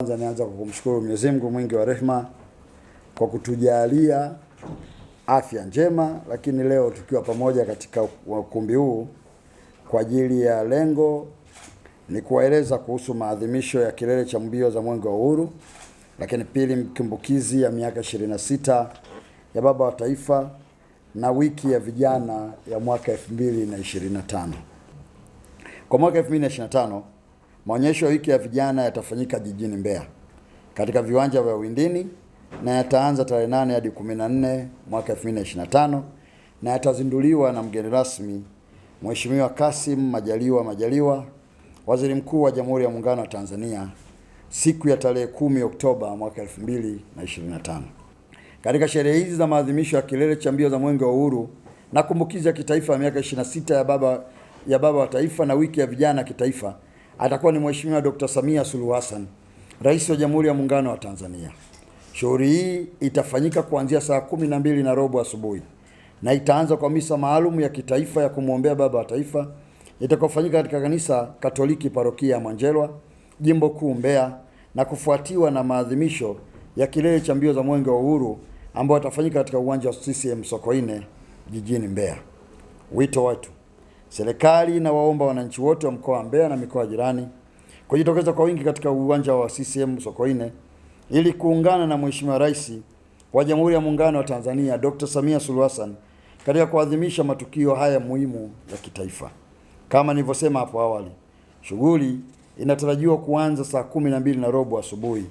Kwanza nianza kwa kumshukuru Mwenyezi Mungu mwingi wa rehema kwa kutujalia afya njema, lakini leo tukiwa pamoja katika ukumbi huu kwa ajili ya lengo ni kuwaeleza kuhusu maadhimisho ya kilele cha mbio za Mwenge wa Uhuru, lakini pili, kumbukizi ya miaka 26 ya Baba wa Taifa na wiki ya vijana ya mwaka 2025. Kwa mwaka 2025 Maonyesho wiki ya vijana yatafanyika jijini Mbeya katika viwanja vya Windini na yataanza tarehe 8 hadi 14 mwaka 2025 na yatazinduliwa na mgeni rasmi Mheshimiwa Kasim Majaliwa Majaliwa, Waziri Mkuu wa Jamhuri ya Muungano wa Tanzania siku ya tarehe 10 Oktoba mwaka 2025. Katika sherehe hizi za maadhimisho ya kilele cha mbio za Mwenge wa Uhuru na kumbukizi ya kitaifa ya miaka 26 ya baba ya baba wa taifa na wiki ya vijana kitaifa atakuwa ni Mheshimiwa Dr. Samia Suluhu Hassan, Rais wa Jamhuri ya Muungano wa Tanzania. Shughuli hii itafanyika kuanzia saa kumi na mbili na robo asubuhi na itaanza kwa misa maalum ya kitaifa ya kumwombea baba wa taifa itakaofanyika katika kanisa Katoliki parokia ya Mwanjelwa, Jimbo Kuu Mbeya na kufuatiwa na maadhimisho ya kilele cha mbio za Mwenge wa Uhuru ambayo atafanyika katika uwanja wa CCM Sokoine jijini Mbeya. Wito wetu Serikali inawaomba wananchi wote wa mkoa wa Mbeya na mikoa jirani kujitokeza kwa wingi katika uwanja wa CCM Sokoine ili kuungana na Mheshimiwa Rais wa Jamhuri ya Muungano wa Tanzania Dr. Samia Suluhu Hassan katika kuadhimisha matukio haya muhimu ya kitaifa. Kama nilivyosema hapo awali, shughuli inatarajiwa kuanza saa kumi na mbili na robo asubuhi.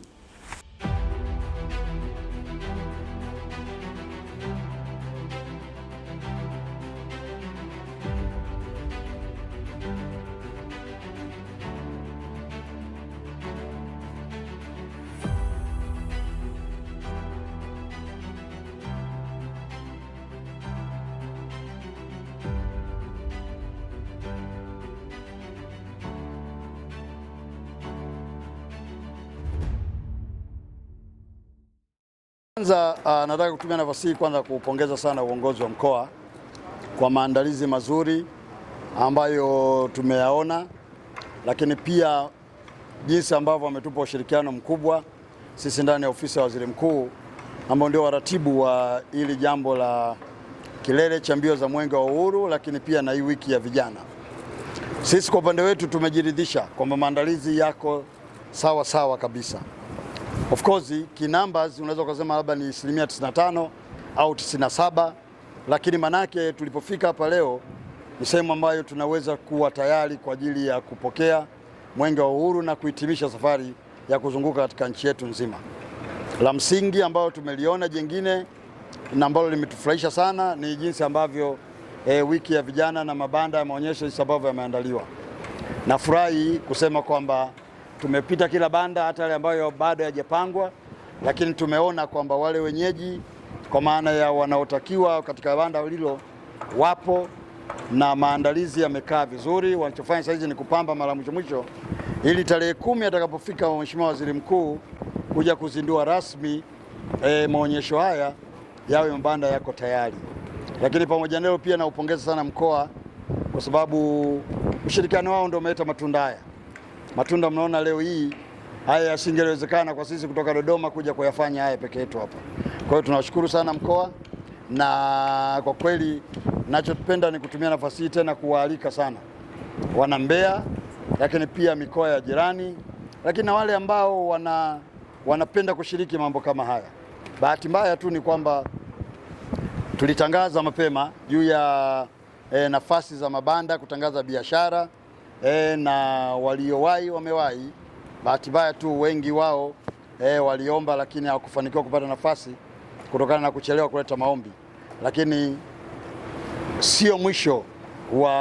Kwanza uh, nataka kutumia nafasi hii kwanza kuupongeza sana uongozi wa mkoa kwa maandalizi mazuri ambayo tumeyaona, lakini pia jinsi ambavyo wametupa ushirikiano mkubwa sisi ndani ya ofisi ya waziri mkuu ambao ndio waratibu wa hili jambo la kilele cha mbio za Mwenge wa Uhuru, lakini pia na hii wiki ya vijana. Sisi kwa upande wetu tumejiridhisha kwamba maandalizi yako sawa sawa kabisa. Of course kinumbers unaweza ukasema labda ni asilimia 95 au 97, lakini manake tulipofika hapa leo ni sehemu ambayo tunaweza kuwa tayari kwa ajili ya kupokea mwenge wa uhuru na kuhitimisha safari ya kuzunguka katika nchi yetu nzima. La msingi ambayo tumeliona jingine na ambalo limetufurahisha sana ni jinsi ambavyo e, wiki ya vijana na mabanda ya maonyesho jinsi ambavyo yameandaliwa. Nafurahi kusema kwamba Tumepita kila banda, hata yale ambayo bado yajapangwa, lakini tumeona kwamba wale wenyeji kwa maana ya wanaotakiwa katika banda hilo wapo na maandalizi yamekaa vizuri. Wanachofanya sasa hizi ni kupamba mara mwisho mwisho, ili tarehe kumi atakapofika Mheshimiwa Waziri Mkuu kuja kuzindua rasmi e, maonyesho haya yawe mabanda yako tayari. Lakini pamoja nalo pia naupongeza sana mkoa kwa sababu ushirikiano wao ndio umeleta matunda haya matunda mnaona leo hii haya yasingewezekana kwa sisi kutoka Dodoma kuja kuyafanya haya peke yetu hapa. Kwa hiyo tunawashukuru sana mkoa, na kwa kweli nachopenda ni kutumia nafasi hii tena kuwaalika sana wana Mbeya, lakini pia mikoa ya jirani, lakini na wale ambao wana wanapenda kushiriki mambo kama haya. Bahati mbaya tu ni kwamba tulitangaza mapema juu ya e, nafasi za mabanda kutangaza biashara e, na waliowahi wamewahi. Bahati mbaya tu wengi wao e, waliomba lakini hawakufanikiwa kupata nafasi kutokana na kuchelewa kuleta maombi, lakini sio mwisho wa,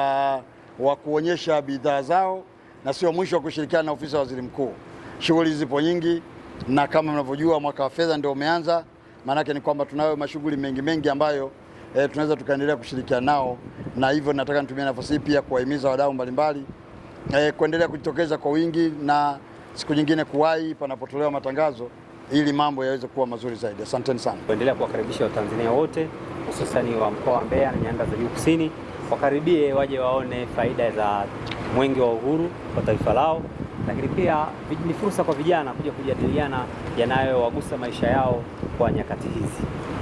wa kuonyesha bidhaa zao na sio mwisho wa kushirikiana na ofisi ya waziri mkuu. Shughuli zipo nyingi, na kama mnavyojua mwaka wa fedha ndio umeanza. Maanake ni kwamba tunayo mashughuli mengi mengi ambayo e, tunaweza tukaendelea kushirikiana nao, na hivyo nataka nitumie nafasi hii pia kuwahimiza wadau mbalimbali eh, kuendelea kujitokeza kwa wingi na siku nyingine kuwahi panapotolewa matangazo ili mambo yaweze kuwa mazuri zaidi. Asanteni sana. Kuendelea kuwakaribisha Watanzania wote hususani wa mkoa wa Mbeya na nyanda za juu kusini, wakaribie waje waone faida za mwenge wa uhuru kwa taifa lao, lakini pia ni fursa kwa vijana kuja kujadiliana yanayowagusa maisha yao kwa nyakati hizi.